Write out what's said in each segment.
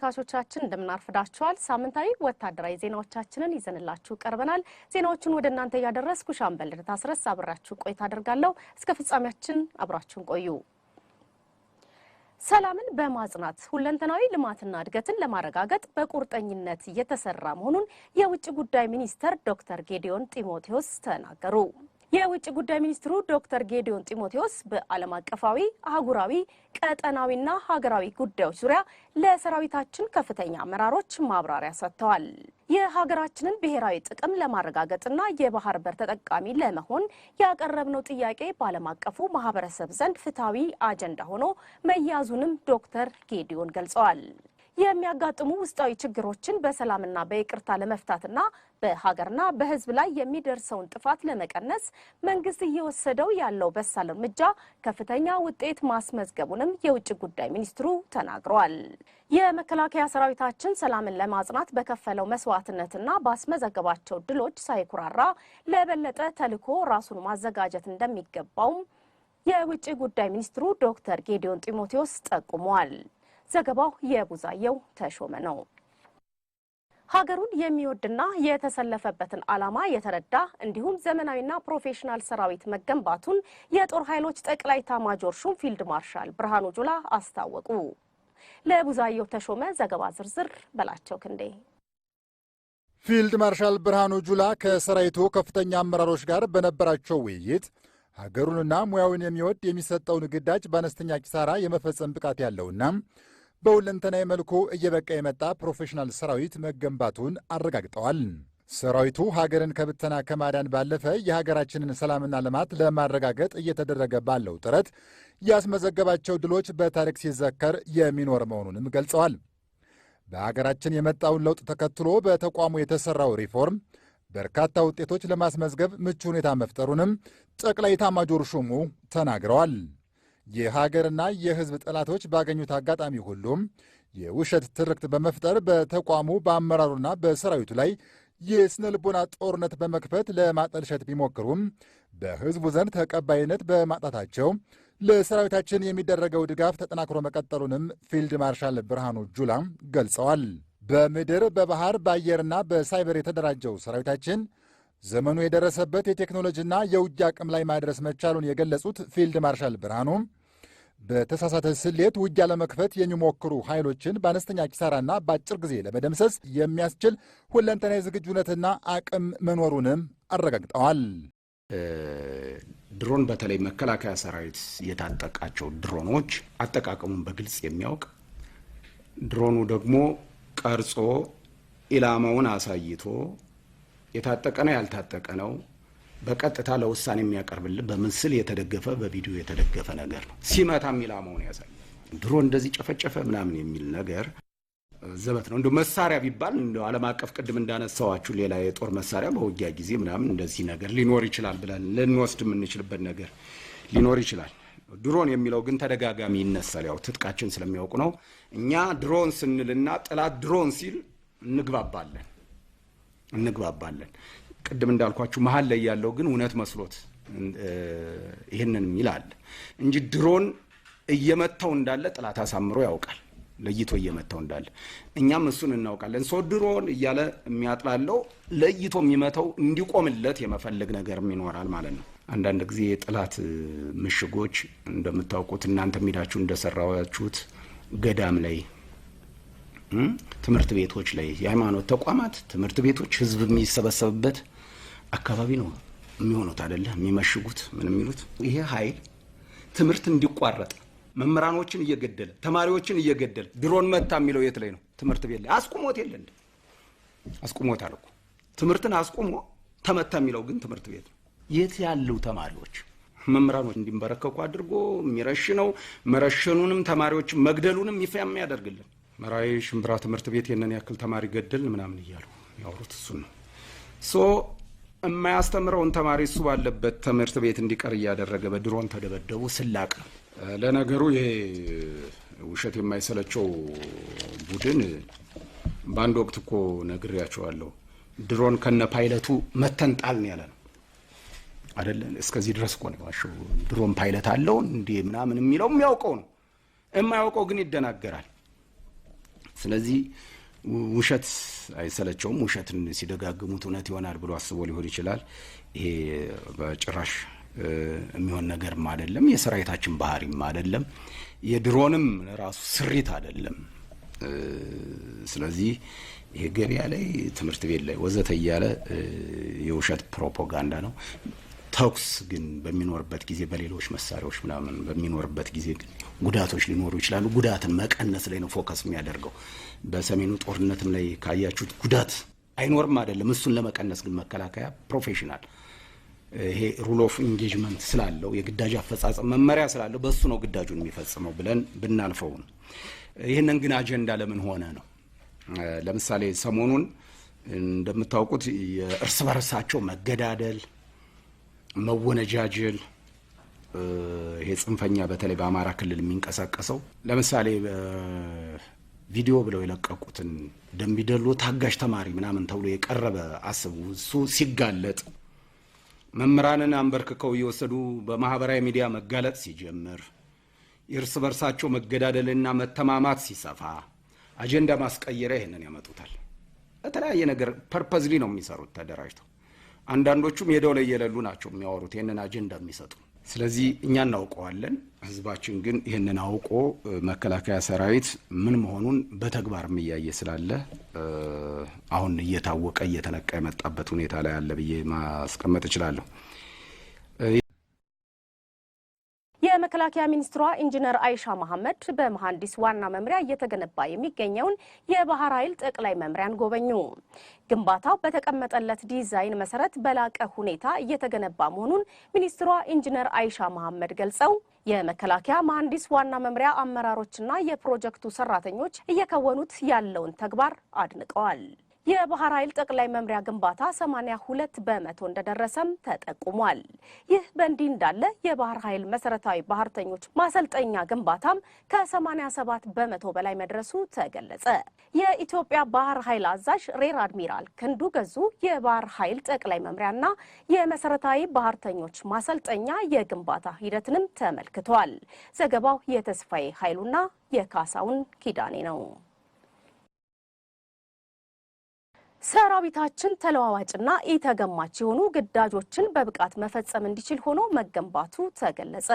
ተመልካቾቻችን እንደምናርፍዳችኋል። ሳምንታዊ ወታደራዊ ዜናዎቻችንን ይዘንላችሁ ቀርበናል። ዜናዎቹን ወደ እናንተ እያደረስኩ ሻምበል ታስረስ አብራችሁ ቆይታ አደርጋለሁ። እስከ ፍጻሜያችን አብራችሁን ቆዩ። ሰላምን በማጽናት ሁለንተናዊ ልማትና እድገትን ለማረጋገጥ በቁርጠኝነት እየተሰራ መሆኑን የውጭ ጉዳይ ሚኒስተር ዶክተር ጌዲዮን ጢሞቴዎስ ተናገሩ። የውጭ ጉዳይ ሚኒስትሩ ዶክተር ጌዲዮን ጢሞቴዎስ በዓለም አቀፋዊ፣ አህጉራዊ፣ ቀጠናዊና ሀገራዊ ጉዳዮች ዙሪያ ለሰራዊታችን ከፍተኛ አመራሮች ማብራሪያ ሰጥተዋል። የሀገራችንን ብሔራዊ ጥቅም ለማረጋገጥና የባህር በር ተጠቃሚ ለመሆን ያቀረብነው ጥያቄ በዓለም አቀፉ ማህበረሰብ ዘንድ ፍትሐዊ አጀንዳ ሆኖ መያዙንም ዶክተር ጌዲዮን ገልጸዋል። የሚያጋጥሙ ውስጣዊ ችግሮችን በሰላምና በይቅርታ ለመፍታትና በሀገርና በሕዝብ ላይ የሚደርሰውን ጥፋት ለመቀነስ መንግስት እየወሰደው ያለው በሳል እርምጃ ከፍተኛ ውጤት ማስመዝገቡንም የውጭ ጉዳይ ሚኒስትሩ ተናግረዋል። የመከላከያ ሰራዊታችን ሰላምን ለማጽናት በከፈለው መስዋዕትነትና ባስመዘገባቸው ድሎች ሳይኩራራ ለበለጠ ተልዕኮ ራሱን ማዘጋጀት እንደሚገባውም የውጭ ጉዳይ ሚኒስትሩ ዶክተር ጌዲዮን ጢሞቴዎስ ጠቁመዋል። ዘገባው የቡዛየው ተሾመ ነው። ሀገሩን የሚወድና የተሰለፈበትን ዓላማ የተረዳ እንዲሁም ዘመናዊና ፕሮፌሽናል ሰራዊት መገንባቱን የጦር ኃይሎች ጠቅላይ ኤታማዦር ሹም ፊልድ ማርሻል ብርሃኑ ጁላ አስታወቁ። ለቡዛየው ተሾመ ዘገባ ዝርዝር በላቸው ክንዴ። ፊልድ ማርሻል ብርሃኑ ጁላ ከሰራዊቱ ከፍተኛ አመራሮች ጋር በነበራቸው ውይይት ሀገሩንና ሙያውን የሚወድ የሚሰጠውን ግዳጅ በአነስተኛ ኪሳራ የመፈጸም ብቃት ያለውና በሁለንተናዊ መልኩ እየበቃ የመጣ ፕሮፌሽናል ሰራዊት መገንባቱን አረጋግጠዋል። ሰራዊቱ ሀገርን ከብተና ከማዳን ባለፈ የሀገራችንን ሰላምና ልማት ለማረጋገጥ እየተደረገ ባለው ጥረት ያስመዘገባቸው ድሎች በታሪክ ሲዘከር የሚኖር መሆኑንም ገልጸዋል። በሀገራችን የመጣውን ለውጥ ተከትሎ በተቋሙ የተሰራው ሪፎርም በርካታ ውጤቶች ለማስመዝገብ ምቹ ሁኔታ መፍጠሩንም ጠቅላይ ኤታማዦር ሹሙ ተናግረዋል። የሀገርና የሕዝብ ጠላቶች ባገኙት አጋጣሚ ሁሉም የውሸት ትርክት በመፍጠር በተቋሙ በአመራሩና በሰራዊቱ ላይ የስነ ልቦና ጦርነት በመክፈት ለማጠልሸት ቢሞክሩም በሕዝቡ ዘንድ ተቀባይነት በማጣታቸው ለሰራዊታችን የሚደረገው ድጋፍ ተጠናክሮ መቀጠሉንም ፊልድ ማርሻል ብርሃኑ ጁላ ገልጸዋል። በምድር በባህር በአየርና በሳይበር የተደራጀው ሰራዊታችን ዘመኑ የደረሰበት የቴክኖሎጂና የውጊያ አቅም ላይ ማድረስ መቻሉን የገለጹት ፊልድ ማርሻል ብርሃኑ በተሳሳተ ስሌት ውጊያ ለመክፈት የሚሞክሩ ኃይሎችን በአነስተኛ ኪሳራና በአጭር ጊዜ ለመደምሰስ የሚያስችል ሁለንተናዊ ዝግጁነትና አቅም መኖሩንም አረጋግጠዋል። ድሮን በተለይ መከላከያ ሰራዊት የታጠቃቸው ድሮኖች አጠቃቀሙን በግልጽ የሚያውቅ ድሮኑ ደግሞ ቀርጾ ኢላማውን አሳይቶ የታጠቀ ነው ያልታጠቀ ነው በቀጥታ ለውሳኔ የሚያቀርብልን በምስል የተደገፈ በቪዲዮ የተደገፈ ነገር ነው። ሲመታ የሚል አማውን ያሳያል። ድሮ እንደዚህ ጨፈጨፈ ምናምን የሚል ነገር ዘበት ነው። እንደ መሳሪያ ቢባል እንደ ዓለም አቀፍ ቅድም እንዳነሳዋችሁ ሌላ የጦር መሳሪያ በውጊያ ጊዜ ምናምን እንደዚህ ነገር ሊኖር ይችላል ብለን ልንወስድ የምንችልበት ነገር ሊኖር ይችላል። ድሮን የሚለው ግን ተደጋጋሚ ይነሳል። ያው ትጥቃችን ስለሚያውቁ ነው። እኛ ድሮን ስንልና ጠላት ድሮን ሲል እንግባባለን እንግባባለን ቅድም እንዳልኳችሁ መሀል ላይ ያለው ግን እውነት መስሎት ይህንን ይላል እንጂ ድሮን እየመታው እንዳለ ጥላት አሳምሮ ያውቃል፣ ለይቶ እየመታው እንዳለ እኛም እሱን እናውቃለን። ሰው ድሮን እያለ የሚያጥላለው ለይቶ የሚመታው እንዲቆምለት የመፈለግ ነገርም ይኖራል ማለት ነው። አንዳንድ ጊዜ የጥላት ምሽጎች እንደምታውቁት እናንተ ሄዳችሁ እንደሰራችሁት ገዳም ላይ፣ ትምህርት ቤቶች ላይ፣ የሃይማኖት ተቋማት፣ ትምህርት ቤቶች፣ ህዝብ የሚሰበሰብበት አካባቢ ነው የሚሆኑት አይደለ? የሚመሽጉት ምን የሚሉት ይሄ ኃይል ትምህርት እንዲቋረጥ መምህራኖችን እየገደለ ተማሪዎችን እየገደለ ድሮን መታ የሚለው የት ላይ ነው? ትምህርት ቤት ላይ አስቁሞት የለ እንደ አስቁሞት አልኩ። ትምህርትን አስቁሞ ተመታ የሚለው ግን ትምህርት ቤት ነው። የት ያሉ ተማሪዎች መምህራኖች እንዲንበረከኩ አድርጎ ነው መረሸኑንም ተማሪዎች መግደሉንም ይፋ የሚያደርግልን መራዊ ሽምብራ ትምህርት ቤት የነን ያክል ተማሪ ገደል ምናምን እያሉ ያወሩት እሱን ነው ሶ የማያስተምረውን ተማሪ እሱ ባለበት ትምህርት ቤት እንዲቀር እያደረገ በድሮን ተደበደቡ። ስላቅ ለነገሩ ይሄ ውሸት የማይሰለቸው ቡድን በአንድ ወቅት እኮ ነግሬያቸዋለሁ። ድሮን ከነ ፓይለቱ መተንጣል ያለ ነው አደለ? እስከዚህ ድረስ እኮ ነው የዋሸው። ድሮን ፓይለት አለው እንዲህ ምናምን የሚለው የሚያውቀው ነው። የማያውቀው ግን ይደናገራል። ስለዚህ ውሸት አይሰለቸውም። ውሸትን ሲደጋግሙት እውነት ይሆናል ብሎ አስቦ ሊሆን ይችላል። ይሄ በጭራሽ የሚሆን ነገርም አይደለም። የሰራዊታችን ባህሪም አይደለም። የድሮንም ራሱ ስሪት አይደለም። ስለዚህ ይሄ ገበያ ላይ፣ ትምህርት ቤት ላይ ወዘተ እያለ የውሸት ፕሮፓጋንዳ ነው። ተኩስ ግን በሚኖርበት ጊዜ በሌሎች መሳሪያዎች ምናምን በሚኖርበት ጊዜ ግን ጉዳቶች ሊኖሩ ይችላሉ። ጉዳትን መቀነስ ላይ ነው ፎከስ የሚያደርገው። በሰሜኑ ጦርነትም ላይ ካያችሁት ጉዳት አይኖርም አይደለም። እሱን ለመቀነስ ግን መከላከያ ፕሮፌሽናል ይሄ ሩል ኦፍ ኢንጌጅመንት ስላለው የግዳጅ አፈጻጸም መመሪያ ስላለው በእሱ ነው ግዳጁን የሚፈጽመው ብለን ብናልፈው ነው። ይህንን ግን አጀንዳ ለምን ሆነ ነው። ለምሳሌ ሰሞኑን እንደምታውቁት የእርስ በርሳቸው መገዳደል መወነጃጀል ይሄ ጽንፈኛ በተለይ በአማራ ክልል የሚንቀሳቀሰው ለምሳሌ ቪዲዮ ብለው የለቀቁትን ደምቢዶሎ ታጋሽ ተማሪ ምናምን ተብሎ የቀረበ አስቡ። እሱ ሲጋለጥ መምህራንን አንበርክከው እየወሰዱ በማህበራዊ ሚዲያ መጋለጥ ሲጀምር የእርስ በርሳቸው መገዳደልና መተማማት ሲሰፋ አጀንዳ ማስቀየሪያ ይህንን ያመጡታል። በተለያየ ነገር ፐርፐዝሊ ነው የሚሰሩት ተደራጅተው አንዳንዶቹ ሄደው ላይ የሌሉ ናቸው የሚያወሩት ይህንን አጀንዳ የሚሰጡ። ስለዚህ እኛ እናውቀዋለን። ህዝባችን ግን ይህንን አውቆ መከላከያ ሰራዊት ምን መሆኑን በተግባር እያየ ስላለ አሁን እየታወቀ እየተነቃ የመጣበት ሁኔታ ላይ አለ ብዬ ማስቀመጥ እችላለሁ። መከላከያ ሚኒስትሯ ኢንጂነር አይሻ መሐመድ በመሐንዲስ ዋና መምሪያ እየተገነባ የሚገኘውን የባህር ኃይል ጠቅላይ መምሪያን ጎበኙ። ግንባታው በተቀመጠለት ዲዛይን መሰረት በላቀ ሁኔታ እየተገነባ መሆኑን ሚኒስትሯ ኢንጂነር አይሻ መሐመድ ገልጸው የመከላከያ መሐንዲስ ዋና መምሪያ አመራሮችና የፕሮጀክቱ ሰራተኞች እየከወኑት ያለውን ተግባር አድንቀዋል። የባህር ኃይል ጠቅላይ መምሪያ ግንባታ 82 በመቶ እንደደረሰም ተጠቁሟል። ይህ በእንዲህ እንዳለ የባህር ኃይል መሰረታዊ ባህርተኞች ማሰልጠኛ ግንባታም ከ87 በመቶ በላይ መድረሱ ተገለጸ። የኢትዮጵያ ባህር ኃይል አዛዥ ሬር አድሚራል ክንዱ ገዙ የባህር ኃይል ጠቅላይ መምሪያና የመሰረታዊ ባህርተኞች ማሰልጠኛ የግንባታ ሂደትንም ተመልክተዋል። ዘገባው የተስፋዬ ኃይሉና የካሳውን ኪዳኔ ነው። ሰራዊታችን ተለዋዋጭና ኢተገማች የሆኑ ግዳጆችን በብቃት መፈጸም እንዲችል ሆኖ መገንባቱ ተገለጸ።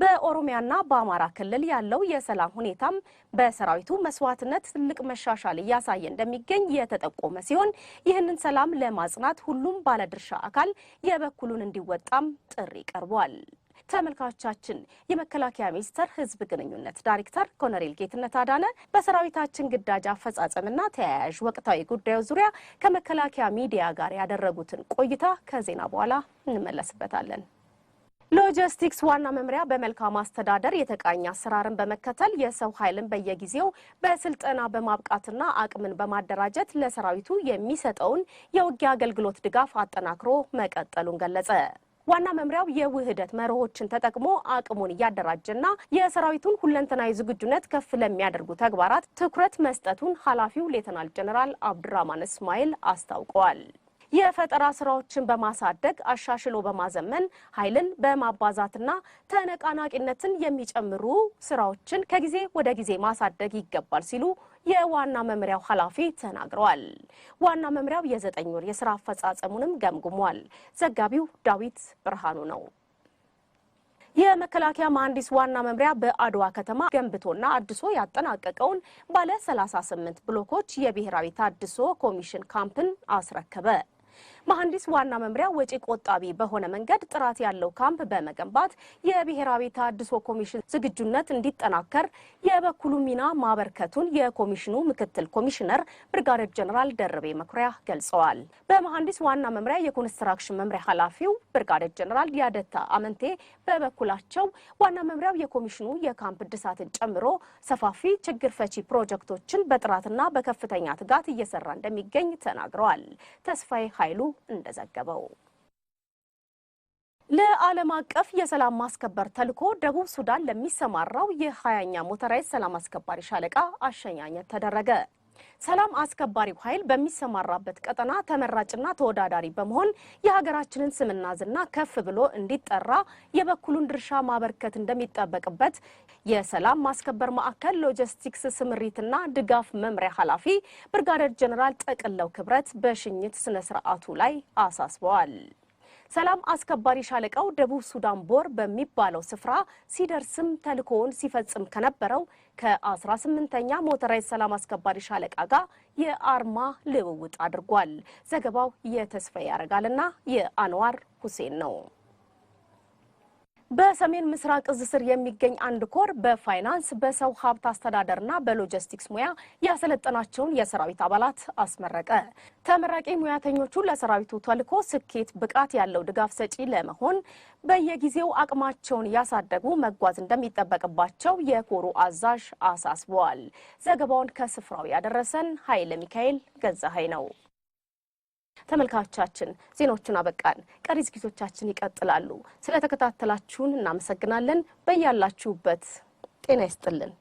በኦሮሚያና በአማራ ክልል ያለው የሰላም ሁኔታም በሰራዊቱ መስዋዕትነት ትልቅ መሻሻል እያሳየ እንደሚገኝ የተጠቆመ ሲሆን ይህንን ሰላም ለማጽናት ሁሉም ባለድርሻ አካል የበኩሉን እንዲወጣም ጥሪ ቀርቧል። ተመልካቾቻችን የመከላከያ ሚኒስቴር ህዝብ ግንኙነት ዳይሬክተር ኮሎኔል ጌትነት አዳነ በሰራዊታችን ግዳጅ አፈጻጸምና ተያያዥ ወቅታዊ ጉዳዮች ዙሪያ ከመከላከያ ሚዲያ ጋር ያደረጉትን ቆይታ ከዜና በኋላ እንመለስበታለን። ሎጂስቲክስ ዋና መምሪያ በመልካም አስተዳደር የተቃኝ አሰራርን በመከተል የሰው ኃይልን በየጊዜው በስልጠና በማብቃትና አቅምን በማደራጀት ለሰራዊቱ የሚሰጠውን የውጊያ አገልግሎት ድጋፍ አጠናክሮ መቀጠሉን ገለጸ። ዋና መምሪያው የውህደት መርሆችን ተጠቅሞ አቅሙን እያደራጀና የሰራዊቱን ሁለንተናዊ ዝግጁነት ከፍ ለሚያደርጉ ተግባራት ትኩረት መስጠቱን ኃላፊው ሌተናል ጀኔራል አብዱራማን እስማኤል አስታውቀዋል። የፈጠራ ስራዎችን በማሳደግ አሻሽሎ በማዘመን ኃይልን በማባዛትና ተነቃናቂነትን የሚጨምሩ ስራዎችን ከጊዜ ወደ ጊዜ ማሳደግ ይገባል ሲሉ የዋና መምሪያው ኃላፊ ተናግረዋል። ዋና መምሪያው የዘጠኝ ወር የስራ አፈጻጸሙንም ገምግሟል። ዘጋቢው ዳዊት ብርሃኑ ነው። የመከላከያ መሐንዲስ ዋና መምሪያ በአድዋ ከተማ ገንብቶና አድሶ ያጠናቀቀውን ባለ 38 ብሎኮች የብሔራዊ ታድሶ ኮሚሽን ካምፕን አስረከበ። መሐንዲስ ዋና መምሪያ ወጪ ቆጣቢ በሆነ መንገድ ጥራት ያለው ካምፕ በመገንባት የብሔራዊ ተሃድሶ ኮሚሽን ዝግጁነት እንዲጠናከር የበኩሉ ሚና ማበርከቱን የኮሚሽኑ ምክትል ኮሚሽነር ብርጋዴር ጀኔራል ደርቤ መኩሪያ ገልጸዋል። በመሐንዲስ ዋና መምሪያ የኮንስትራክሽን መምሪያ ኃላፊው ብርጋዴር ጀኔራል ያደታ አመንቴ በበኩላቸው ዋና መምሪያው የኮሚሽኑ የካምፕ እድሳትን ጨምሮ ሰፋፊ ችግር ፈቺ ፕሮጀክቶችን በጥራትና በከፍተኛ ትጋት እየሰራ እንደሚገኝ ተናግረዋል። ተስፋዬ ኃይሉ እንደዘገበው ለዓለም አቀፍ የሰላም ማስከበር ተልዕኮ ደቡብ ሱዳን ለሚሰማራው የሀያኛ ሞተራይዝ ሰላም አስከባሪ ሻለቃ አሸኛኘት ተደረገ። ሰላም አስከባሪው ኃይል በሚሰማራበት ቀጠና ተመራጭና ተወዳዳሪ በመሆን የሀገራችንን ስምና ዝና ከፍ ብሎ እንዲጠራ የበኩሉን ድርሻ ማበርከት እንደሚጠበቅበት የሰላም ማስከበር ማዕከል ሎጂስቲክስ ስምሪትና ድጋፍ መምሪያ ኃላፊ ብርጋደር ጀኔራል ጠቅለው ክብረት በሽኝት ስነ ስርዓቱ ላይ አሳስበዋል። ሰላም አስከባሪ ሻለቃው ደቡብ ሱዳን ቦር በሚባለው ስፍራ ሲደርስም ተልእኮውን ሲፈጽም ከነበረው ከ18ኛ ሞተራይዝ ሰላም አስከባሪ ሻለቃ ጋር የአርማ ልውውጥ አድርጓል። ዘገባው የተስፋዬ ያረጋልና የአንዋር ሁሴን ነው። በሰሜን ምስራቅ እዝ ስር የሚገኝ አንድ ኮር በፋይናንስ በሰው ሀብት አስተዳደርና በሎጂስቲክስ ሙያ ያሰለጠናቸውን የሰራዊት አባላት አስመረቀ። ተመራቂ ሙያተኞቹ ለሰራዊቱ ተልዕኮ ስኬት ብቃት ያለው ድጋፍ ሰጪ ለመሆን በየጊዜው አቅማቸውን ያሳደጉ መጓዝ እንደሚጠበቅባቸው የኮሩ አዛዥ አሳስበዋል። ዘገባውን ከስፍራው ያደረሰን ኃይለ ሚካኤል ገዛሀይ ነው። ተመልካቾቻችን ዜናዎቹን አበቃን። ቀሪ ዝግጅቶቻችን ይቀጥላሉ። ስለተከታተላችሁን እናመሰግናለን። በያላችሁበት ጤና ይስጥልን።